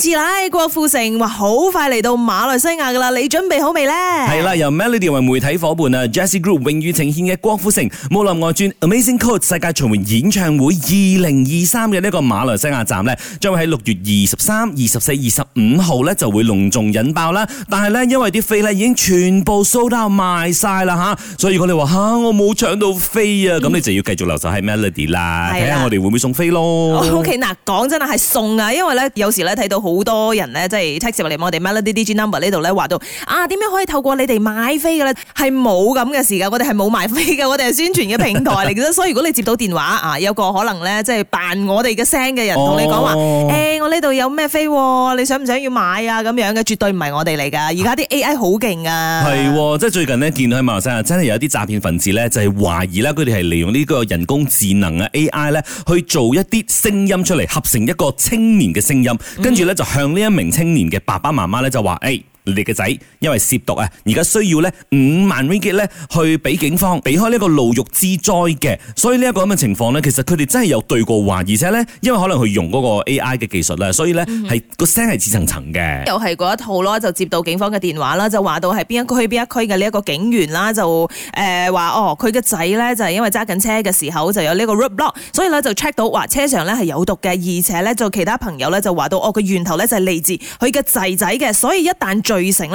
自啦，郭富城話好快嚟到馬來西亞噶啦，你準備好未呢？係啦，由 Melody 為媒體伙伴啊，Jesse Group 榮譽呈現嘅郭富城《武林外傳》Amazing Code 世界巡回演唱會二零二三嘅呢個馬來西亞站呢，將會喺六月二十三、二十四、二十五號呢就會隆重引爆啦。但係呢，因為啲飛呢已經全部 sold out 賣晒啦吓，所以如果你話吓我冇搶到飛啊，咁你就要繼續留守喺 Melody 啦，睇下我哋會唔會送飛咯。OK，嗱講真啦，係送啊，因為呢，有時呢睇到。好多人咧，即係 text 落嚟，我哋 Melody DJ number 呢度咧話到啊，點樣可以透過你哋買飛嘅咧？係冇咁嘅事㗎，我哋係冇賣飛嘅，我哋係宣傳嘅平台嚟嘅。 所以如果你接到電話啊，有個可能咧，即係扮我哋嘅聲嘅人同你講話，誒，我呢度有咩飛？你想唔想要買啊？咁樣嘅絕對唔係我哋嚟㗎。而家啲 AI 好勁㗎，係喎，即係最近咧見到喺馬來西亞，真係有啲詐騙分子咧，就係懷疑啦，佢哋係利用呢個人工智能嘅 AI 咧去做一啲聲音出嚟，合成一個青年嘅聲音，跟住咧。就向呢一名青年嘅爸爸媽媽咧，就話：誒。你嘅仔因為涉毒啊，而家需要咧五萬 ringgit 咧，去俾警方避開呢個牢獄之災嘅。所以呢一個咁嘅情況咧，其實佢哋真係有對過話，而且咧，因為可能佢用嗰個 AI 嘅技術咧，所以咧係個聲係似層層嘅。又係嗰一套咯，就接到警方嘅電話啦，就話到係邊一區邊一區嘅呢一個警員啦，就誒話、呃、哦，佢嘅仔咧就係因為揸緊車嘅時候就有呢個 roadblock 所以咧就 check 到話車上咧係有毒嘅，而且咧就其他朋友咧就話到哦，佢源頭咧就係嚟自佢嘅仔仔嘅，所以一旦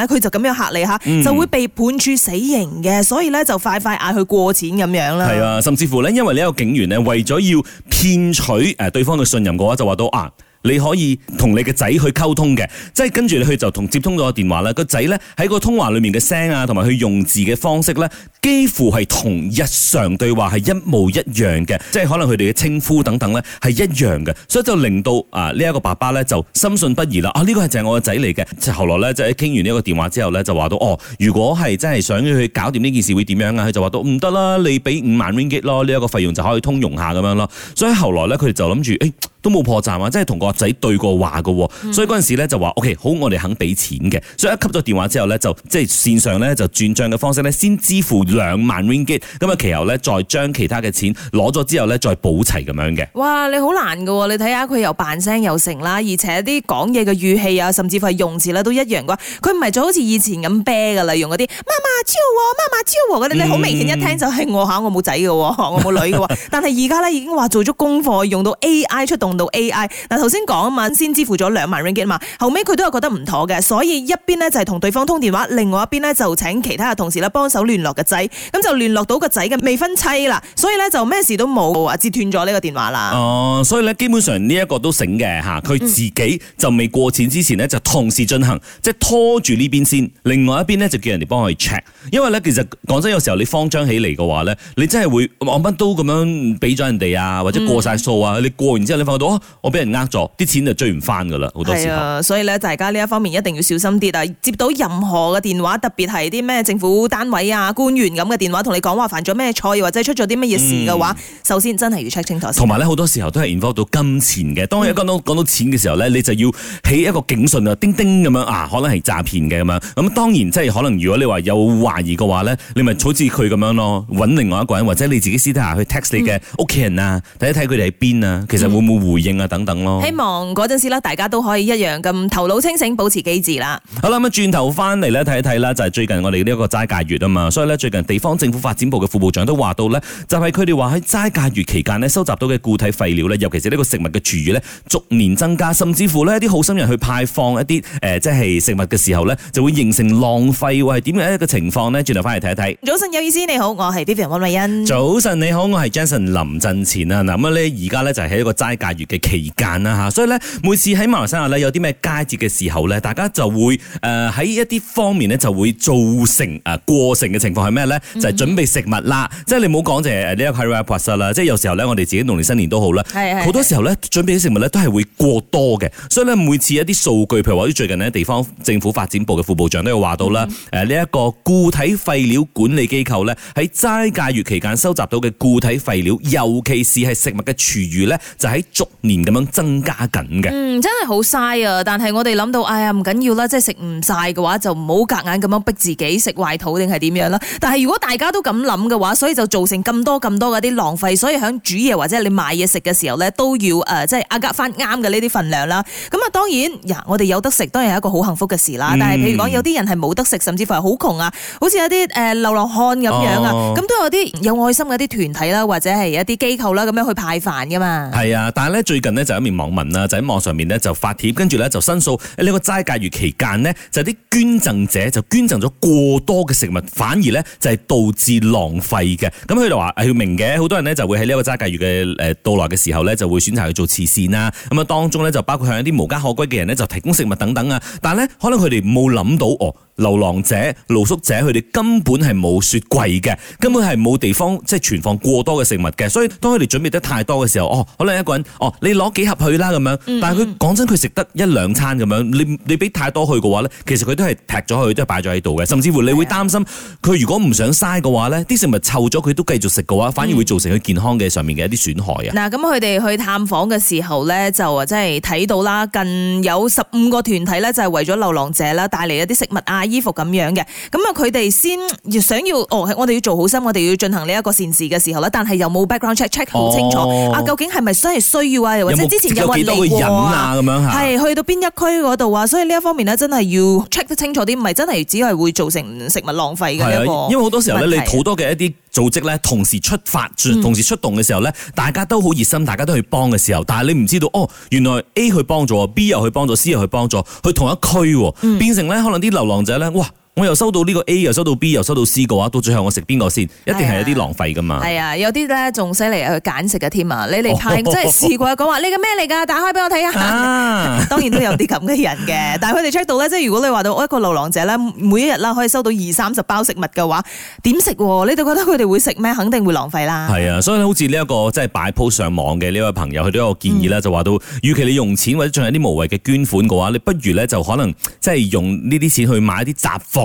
佢就咁樣嚇你吓，嗯、就會被判處死刑嘅，所以咧就快快嗌佢過錢咁樣啦。係啊，甚至乎咧，因為呢個警員咧，為咗要騙取誒對方嘅信任嘅話就說，就話到啊。你可以同你嘅仔去溝通嘅，即係跟住呢佢就同接通咗個電話啦。個仔呢喺個通話裏面嘅聲啊，同埋佢用字嘅方式呢，幾乎係同日常對話係一模一樣嘅，即係可能佢哋嘅稱呼等等呢係一樣嘅，所以就令到啊呢一個爸爸呢就深信不疑啦。啊呢個係就係我嘅仔嚟嘅。就後來呢，就喺傾完呢一個電話之後呢，就話到哦，如果係真係想要去搞掂呢件事會點樣啊？佢就話到唔得啦，你俾五萬 ringgit 咯，呢一個費用就可以通融下咁樣咯。所以後來呢，佢哋就諗住，欸，都冇破綻啊，即係同個仔對過話嘅，所以嗰陣時咧就話，OK，好，我哋肯俾錢嘅，所以一吸咗電話之後咧，就即係線上咧就轉帳嘅方式咧，先支付兩萬 Ringgit，咁啊其後咧再將其他嘅錢攞咗之後咧再補齊咁樣嘅。哇，你好難嘅喎，你睇下佢又扮聲又成啦，而且啲講嘢嘅語氣啊，甚至乎係用詞啦都一樣嘅。佢唔係就好似以前咁啤嘅啦，用嗰啲媽媽蕉喎，媽媽蕉喎嗰啲咧，好明顯一聽就係我嚇，我冇仔嘅喎，我冇女嘅喎， 但係而家咧已經話做咗功課，用到 AI，出動到 AI 嗱頭先。講啊先支付咗兩萬 ringgit 嘛，後尾佢都係覺得唔妥嘅，所以一邊呢就係同對方通電話，另外一邊呢就請其他嘅同事咧幫手聯絡個仔，咁就聯絡到個仔嘅未婚妻啦，所以咧就咩事都冇啊，截斷咗呢個電話啦。哦、呃，所以咧基本上呢一個都醒嘅吓，佢自己就未過錢之前呢就同時進行，即、嗯、係、就是、拖住呢邊先，另外一邊呢就叫人哋幫佢去 check，因為呢其實講真，有時候你慌張起嚟嘅話呢，你真係會按乜刀咁樣俾咗人哋啊，或者過晒數啊，你過完之後你發覺到我俾人呃咗。啲錢就追唔翻噶啦，好多時候。啊、所以咧，大家呢一方面一定要小心啲啊！接到任何嘅電話，特別係啲咩政府單位啊、官員咁嘅電話，同你講話犯咗咩錯，亦或者出咗啲乜嘢事嘅話、嗯，首先真係要 check 清楚。同埋呢，好多時候都係 involve 到金錢嘅。當你講到講到錢嘅時候咧，你就要起一個警訊啊，叮叮咁樣啊，可能係詐騙嘅咁樣。咁當然即係可能，如果你話有懷疑嘅話咧，你咪好似佢咁樣咯，揾另外一個人，或者你自己私底下去 text 你嘅屋企人啊，睇一睇佢哋喺邊啊，其實會唔會回應啊、嗯、等等咯。希望嗰陣時咧，大家都可以一樣咁頭腦清醒，保持機智啦。好啦，咁轉頭翻嚟咧睇一睇啦，就係、是、最近我哋呢一個齋戒月啊嘛，所以咧最近地方政府發展部嘅副部長都話到咧，就係佢哋話喺齋戒月期間呢收集到嘅固體廢料咧，尤其是呢個食物嘅廚餘咧，逐年增加，甚至乎呢一啲好心人去派放一啲誒、呃，即係食物嘅時候咧，就會形成浪費或係點樣一個情況呢？轉頭翻嚟睇一睇。早晨，有意思，你好，我係 Vivian 楊婉麗欣。早晨，你好，我係 Jason 林振前啊。嗱咁啊，而家咧就係喺一個齋戒月嘅期間啦所以咧，每次喺馬來西亞咧有啲咩佳節嘅時候咧，大家就會誒喺、呃、一啲方面咧就會造成啊、呃、過剩嘅情況係咩咧？就係、是、準備食物啦、嗯，即係你唔好講就係呢一個 prepare process 啦。即係有時候咧，我哋自己農年新年都好啦，好、嗯、多時候咧準備啲食物咧都係會過多嘅。所以咧，每次一啲數據，譬如話啲最近呢地方政府發展部嘅副部長都有話到啦，呢、嗯、一、呃這個固體廢料管理機構咧喺齋戒月期間收集到嘅固體廢料，尤其是係食物嘅廚餘咧，就喺逐年咁樣增加。加緊嘅，嗯，真係好嘥啊！但係我哋諗到，哎呀，唔緊要啦，即係食唔晒嘅話，就唔好隔硬咁樣逼自己食壞肚定係點樣啦。但係如果大家都咁諗嘅話，所以就造成咁多咁多嗰啲浪費。所以喺煮嘢或者你買嘢食嘅時候咧，都要誒即係壓價翻啱嘅呢啲份量啦。咁啊、呃，當然我哋有得食當然係一個好幸福嘅事啦。嗯、但係譬如講有啲人係冇得食，甚至乎係好窮啊，好似有啲誒流浪漢咁樣啊，咁、哦、都有啲有愛心嘅啲團體啦，或者係一啲機構啦，咁樣去派飯噶嘛。係啊，但係咧最近呢，就有一面網民。就喺網上面咧就發帖，跟住咧就申訴呢個齋戒月期間呢，就啲、係、捐贈者就捐贈咗過多嘅食物，反而呢，就係導致浪費嘅。咁佢就話，要明嘅，好多人呢就會喺呢個齋戒月嘅誒到來嘅時候呢，就會選擇去做慈善啦。咁啊當中呢，就包括向一啲無家可歸嘅人呢，就提供食物等等啊。但係呢，可能佢哋冇諗到哦。流浪者、露宿者，佢哋根本係冇雪櫃嘅，根本係冇地方即係存放過多嘅食物嘅。所以當佢哋準備得太多嘅時候，哦，可能一個人，哦，你攞幾盒去啦咁樣，但係佢講真，佢食得一兩餐咁樣，嗯嗯，你你俾太多去嘅話咧，其實佢都係踢咗去，都係擺咗喺度嘅。甚至乎你會擔心，佢如果唔想嘥嘅話咧，啲食物臭咗，佢都繼續食嘅話，反而會造成佢健康嘅上面嘅一啲損害啊。嗱，咁佢哋去探訪嘅時候咧，就啊，即係睇到啦，近有十五個團體咧，就係為咗流浪者啦，帶嚟一啲食物啊。衣服咁樣嘅，咁啊佢哋先要想要哦，我哋要做好心，我哋要進行呢一個善事嘅時候咧，但係又冇 background check check 好清楚，哦、啊，究竟係咪真係需要啊，或者之前有冇嚟過人啊，咁樣吓係去到邊一區嗰度啊，所以呢一方面咧，真係要 check 得清楚啲，唔係真係只係會造成食物浪費嘅一個。因為好多時候咧，你好多嘅一啲。組織咧，同時出發，同時出動嘅時候咧，大家都好熱心，大家都去幫嘅時候，但係你唔知道，哦，原來 A 去幫助，B 又去幫助，C 又去幫助，去同一區，啊，嗯、變成咧，可能啲流浪者咧，哇！我又收到呢個 A 又收到 B 又收到 C 嘅話，到最後我食邊個先？一定係有啲浪費噶嘛。係啊，有啲咧仲使嚟去揀食嘅添啊！你嚟派，真即係試過講話，哦、你嘅咩嚟㗎？打開俾我睇下、啊。啊、當然都有啲咁嘅人嘅， 但係佢哋出到咧，即係如果你話到我一個流浪者咧，每一日啦可以收到二三十包食物嘅話，點食？你哋覺得佢哋會食咩？肯定會浪費啦。係啊，所以好似呢一個即係擺鋪上網嘅呢位朋友，佢都有個建議咧，嗯、就話到，與其你用錢或者仲有啲無謂嘅捐款嘅話，你不如咧就可能即係用呢啲錢去買一啲雜貨。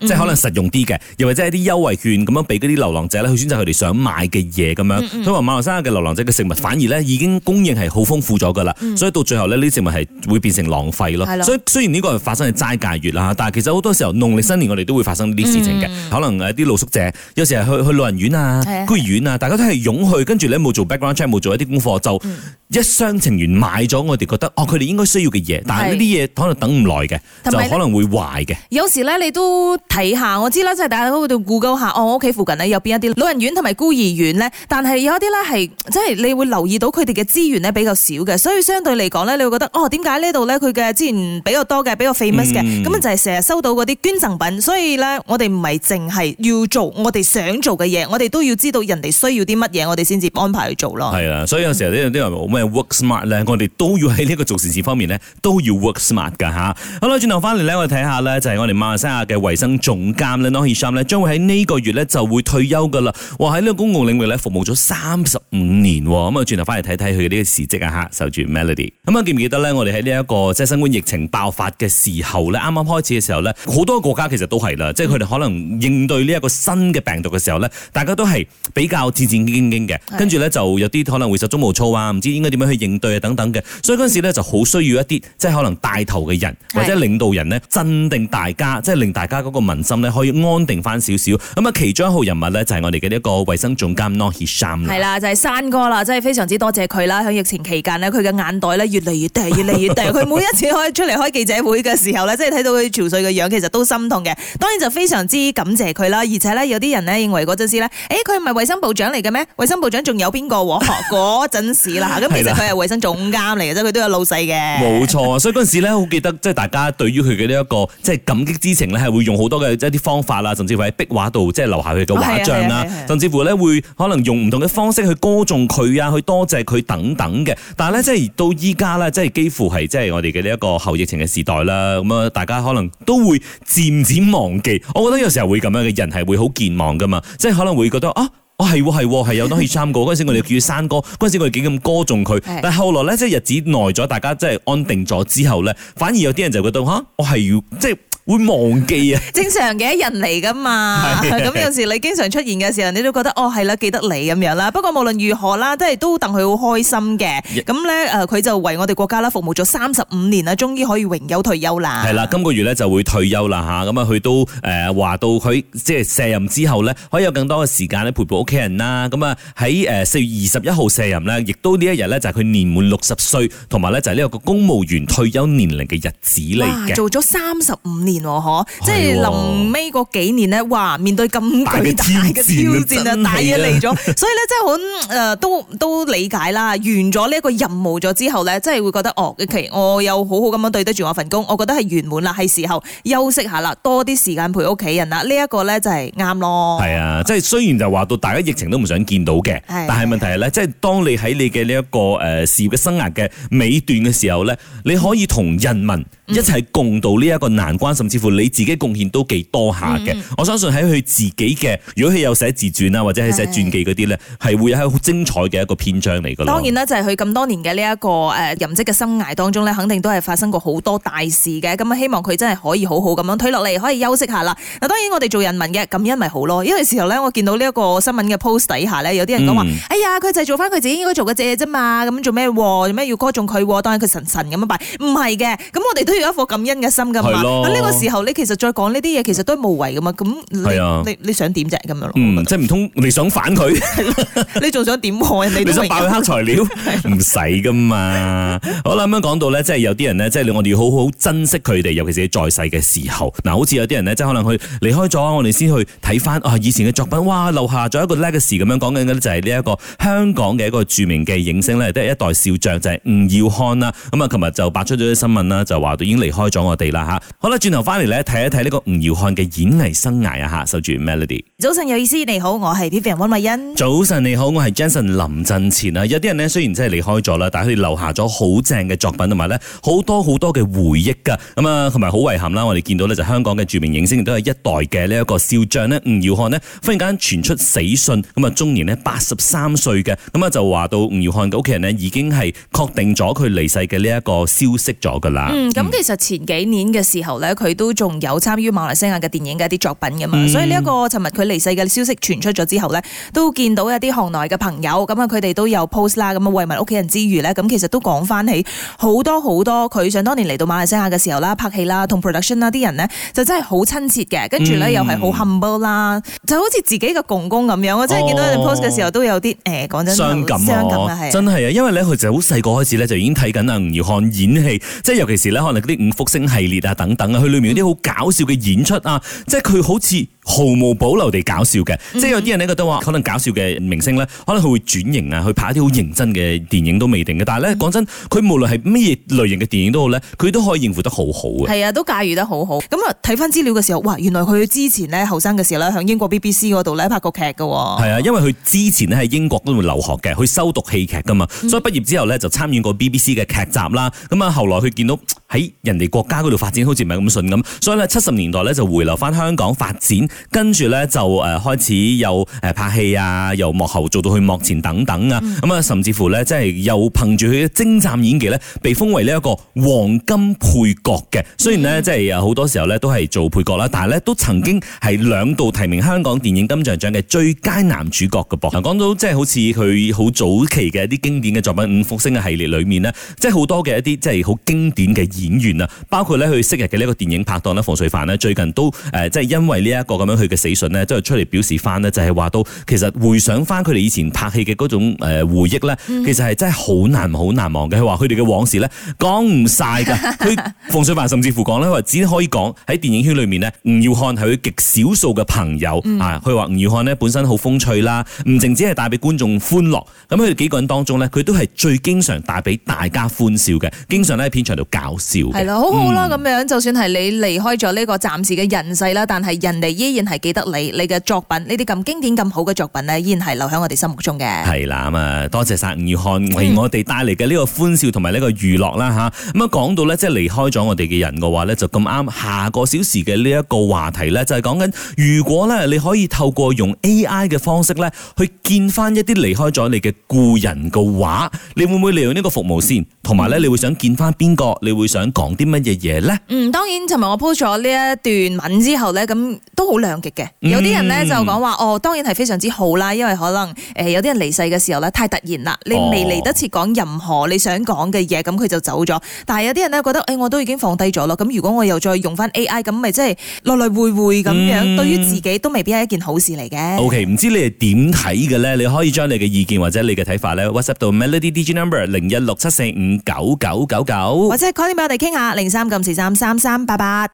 即係可能實用啲嘅，又或者係啲優惠券咁樣俾嗰啲流浪者咧去選擇佢哋想買嘅嘢咁樣。佢話馬來西亞嘅流浪者嘅食物反而咧已經供應係好豐富咗噶啦。所以到最後呢啲食物係會變成浪費咯、嗯。所以雖然呢個係發生喺齋戒月啦、嗯，但係其實好多時候農曆新年我哋都會發生呢啲事情嘅、嗯。可能啲露宿者有時係去去老人院啊、居院啊，大家都係湧去，跟住咧冇做 background check，冇做一啲功課，就一廂情願買咗我哋覺得哦，佢哋應該需要嘅嘢，但係呢啲嘢可能等唔耐嘅，就可能會壞嘅。有時咧，你都～睇下我知啦，即係大家喺嗰度顧高下。哦，我屋企附近呢，有邊一啲老人院同埋孤兒院咧？但係有一啲咧係即係你會留意到佢哋嘅資源咧比較少嘅，所以相對嚟講咧，你會覺得哦，點解呢度咧佢嘅資源比較多嘅比較 famous 嘅？咁、嗯、就係成日收到嗰啲捐贈品，所以咧我哋唔係淨係要做我哋想做嘅嘢，我哋都要知道人哋需要啲乜嘢，我哋先至安排去做咯。係啊，所以有時候呢啲人話咩 work smart 咧，我哋都要喺呢個做善事方面咧都要 work smart 㗎嚇。好啦，轉頭翻嚟咧，我哋睇下咧，就係我哋馬來西亞嘅衞生。總監咧，Donald m p 咧，將 會喺呢個月咧就會退休噶啦。哇，喺呢個公共領域咧服務咗三十五年，哦，咁啊，轉頭翻嚟睇睇佢呢個事跡啊吓，守住 Melody。咁、嗯、啊，記唔記得咧、這個。我哋喺呢一個即係新冠疫情爆發嘅時候咧，啱啱開始嘅時候咧，好多國家其實都係啦，即係佢哋可能應對呢一個新嘅病毒嘅時候咧，大家都係比較戰戰兢兢嘅，跟住咧就有啲可能會手足無措啊，唔知應該點樣去應對啊等等嘅。所以嗰陣時咧就好需要一啲即係可能帶頭嘅人或者領導人呢，鎮定大家，即係令大家嗰，那個。民心咧可以安定翻少少，咁啊其中一號人物咧就係我哋嘅呢一個衞生總監 Nohisham 啦。係啦，就係山哥啦，真係非常之多謝佢啦！喺疫情期間咧，佢嘅眼袋咧越嚟越低，越嚟越低。佢每一次開出嚟開記者會嘅時候咧，即係睇到佢憔悴嘅樣，其實都心痛嘅。當然就非常之感謝佢啦，而且咧有啲人咧認為嗰陣時咧，誒佢唔係衞生部長嚟嘅咩？衞生部長仲有邊個喎？嗰陣時啦嚇，咁其實佢係衞生總監嚟嘅啫，佢都有老細嘅。冇錯，所以嗰陣時咧好記得，即係大家對於佢嘅呢一個即係感激之情咧，係會用好多，嘅即啲方法啦、哦啊啊啊啊，甚至乎喺壁畫度即係留下佢嘅畫像啦，甚至乎咧會可能用唔同嘅方式去歌頌佢啊，去多謝佢等等嘅。但係咧，即係到依家咧，即係幾乎係即係我哋嘅呢一個後疫情嘅時代啦。咁啊，大家可能都會漸漸忘記。我覺得有時候會咁樣嘅人係會好健忘噶嘛。即係可能會覺得啊，我係喎，係有得可以參加。嗰 陣時我哋叫佢山歌，嗰陣時我哋幾咁歌頌佢。但係後來咧，即係日子耐咗，大家即係安定咗之後咧，反而有啲人就覺得吓、啊，我係要即係。會忘記啊！正常嘅人嚟噶嘛，咁有時你經常出現嘅時候，你都覺得哦係啦，記得你咁樣啦。不過無論如何啦，都係都等佢好開心嘅。咁咧誒，佢就為我哋國家啦服務咗三十五年啦，終於可以榮休退休啦。係啦，今個月咧就會退休啦嚇。咁啊，佢都誒話到佢即係卸任之後咧，可以有更多嘅時間咧陪伴屋企人啦。咁啊喺誒四月二十一號卸任啦，亦都呢一日咧就係佢年滿六十歲，同埋咧就係呢個個公務員退休年齡嘅日子嚟嘅。做咗三十五年。嗬、啊，即係臨尾嗰幾年咧，哇！面對咁巨大嘅挑戰啊，大嘢嚟咗， 所以咧即係好誒，都都理解啦。完咗呢一個任務咗之後咧，即係會覺得哦，其、okay, 實我又好好咁樣對得住我份工，我覺得係圓滿啦，係時候休息一下啦，多啲時間陪屋企人啦。呢、這、一個咧就係啱咯。係啊，即係雖然就話到大家疫情都唔想見到嘅，是啊、但係問題係咧，即係當你喺你嘅呢一個誒事業嘅生涯嘅尾段嘅時候咧，你可以同人民。一齊共度呢一個難關，甚至乎你自己貢獻都幾多下嘅。嗯嗯，我相信喺佢自己嘅，如果佢有寫自傳啊，或者係寫傳記嗰啲咧，係會有好精彩嘅一個篇章嚟㗎。當然啦，就係佢咁多年嘅呢一個誒、呃、任職嘅生涯當中咧，肯定都係發生過好多大事嘅。咁啊，希望佢真係可以好好咁樣推落嚟，可以休息下啦。嗱，當然我哋做人民嘅咁一咪好咯，因為時候咧，我見到呢一個新聞嘅 post 底下咧，有啲人講話，嗯、哎呀，佢就係做翻佢自己應該做嘅嘢啫嘛，咁做咩？做咩要歌頌佢？當然佢神神咁樣拜？唔係嘅，咁我哋都。有一顆感恩嘅心噶嘛？咁呢個時候，你其實再講呢啲嘢，其實都無謂噶嘛？咁你、啊、你，你想點啫？咁樣咯，嗯，即係唔通你想反佢 ？你仲想點開？你想爆黑材料？唔使噶嘛？ 好啦，咁樣講到咧，即係有啲人咧，即係我哋要好好珍惜佢哋，尤其是喺在世嘅時候。嗱，好似有啲人咧，即係可能佢離開咗，我哋先去睇翻啊，以前嘅作品哇，留下咗一個 legacy 咁樣講緊嘅，就係呢一個香港嘅一個著名嘅影星咧，都、就、係、是、一代笑將，就係、是、吳耀漢啦。咁啊，琴日就爆出咗啲新聞啦，就話。已經離開咗我哋啦吓，好啦，轉頭翻嚟咧睇一睇呢個吳耀漢嘅演藝生涯啊吓，守住 Melody。早晨有意思，你好，我係 Devin 溫慧欣。早晨你好，我係 Jenson 林振前啊。有啲人咧雖然真係離開咗啦，但係佢哋留下咗好正嘅作品同埋咧好多好多嘅回憶噶。咁、嗯、啊，同埋好遺憾啦，我哋見到咧就是、香港嘅著名影星，亦都係一代嘅呢一個笑匠咧，吳耀漢咧忽然間傳出死訊，咁啊中年呢，八十三歲嘅，咁啊就話到吳耀漢嘅屋企人咧已經係確定咗佢離世嘅呢一個消息咗噶啦。咁、嗯。嗯嗯。其實前幾年嘅時候咧，佢都仲有參與馬來西亞嘅電影嘅一啲作品㗎、嗯、嘛，所以呢一個尋日佢離世嘅消息傳出咗之後咧，都見到一啲行內嘅朋友，咁啊佢哋都有 post 啦，咁啊慰問屋企人之餘咧，咁其實都講翻起好多好多，佢想當年嚟到馬來西亞嘅時候啦，拍戲啦，同 production 啦啲人咧，就真係好親切嘅，跟住咧又係好 humble 啦，就好似自己嘅公公咁樣，我真係見到佢哋 post 嘅時候都有啲誒，講、哦哎、真傷感、傷感啊、傷感啊，真係啊，因為咧佢就好細個開始咧就已經睇緊吳耀漢演戲，即係尤其是咧啲五福星系列啊，等等啊，佢裏面有啲好搞笑嘅演出啊、嗯，即係佢好似毫無保留地搞笑嘅、嗯，即係有啲人呢覺得話可能搞笑嘅明星咧，可能佢會轉型啊，去拍一啲好認真嘅電影都未定嘅。但係咧講真，佢無論係咩類型嘅電影都好咧，佢都可以應付得好好嘅。係啊，都駕馭得好好。咁啊，睇翻資料嘅時候，哇！原來佢之前咧後生嘅時候咧，喺英國 BBC 嗰度咧拍過劇嘅、哦。係啊，因為佢之前咧喺英國度留學嘅，去修讀戲劇噶嘛，所以畢業之後咧就參與過 BBC 嘅劇集啦。咁、嗯、啊，後來佢見到喺人哋國家嗰度發展好似唔係咁順咁，所以咧七十年代咧就回流翻香港發展，跟住咧就誒開始有拍戲啊，由幕後做到去幕前等等啊，咁啊甚至乎咧即係又憑住佢嘅精湛演技咧，被封為呢一個黃金配角嘅。雖然咧即係好多時候咧都係做配角啦，但係咧都曾經係兩度提名香港電影金像獎嘅最佳男主角嘅噃。嗱，講到即係好似佢好早期嘅一啲經典嘅作品《五福星》嘅系列裏面呢，即係好多嘅一啲即係好經典嘅演員。完包括咧佢昔日嘅呢個電影拍檔咧，馮淬帆呢最近都誒即係因為呢一個咁樣佢嘅死訊呢，即係出嚟表示翻呢，就係話都其實回想翻佢哋以前拍戲嘅嗰種回憶咧，其實係真係好難好難忘嘅。佢話佢哋嘅往事咧講唔晒㗎。佢馮淬帆甚至乎講咧，佢話只可以講喺電影圈裏面呢，吳耀漢係佢極少數嘅朋友啊。佢話吳耀漢呢本身好風趣啦，唔淨只係帶俾觀眾歡樂。咁佢哋幾個人當中呢，佢都係最經常帶俾大家歡笑嘅，經常喺片場度搞笑。係啦，好好啦，咁、嗯、樣就算係你離開咗呢個暫時嘅人世啦，但係人哋依然係記得你，你嘅作品呢啲咁經典咁好嘅作品呢，依然係留喺我哋心目中嘅。係啦，咁啊，多謝晒吳耀漢為我哋帶嚟嘅呢個歡笑同埋呢個娛樂啦，吓咁啊，講到呢，即係離開咗我哋嘅人嘅話呢，就咁啱下個小時嘅呢一個話題呢，就係講緊如果呢，你可以透過用 A.I. 嘅方式呢，去見翻一啲離開咗你嘅故人嘅話，你會唔會利用呢個服務先？同埋呢，你會想見翻邊個？你會想？講啲乜嘢嘢咧？嗯，當然，同日我 po 咗呢一段文之後咧，咁都好兩極嘅。有啲人咧就講話、嗯，哦，當然係非常之好啦，因為可能誒、呃、有啲人離世嘅時候咧太突然啦，你未嚟得切講任何你想講嘅嘢，咁、哦、佢就走咗。但係有啲人咧覺得，誒、哎、我都已經放低咗咯，咁如果我又再用翻 AI，咁咪即係來來回回咁樣，對於自己都未必係一件好事嚟嘅。O K，唔知道你哋點睇嘅咧？你可以將你嘅意見或者你嘅睇法咧，WhatsApp 到 Melody D G Number 零一六七四五九九九九，或者 c a l 我哋。聽下零三九四三三三八八。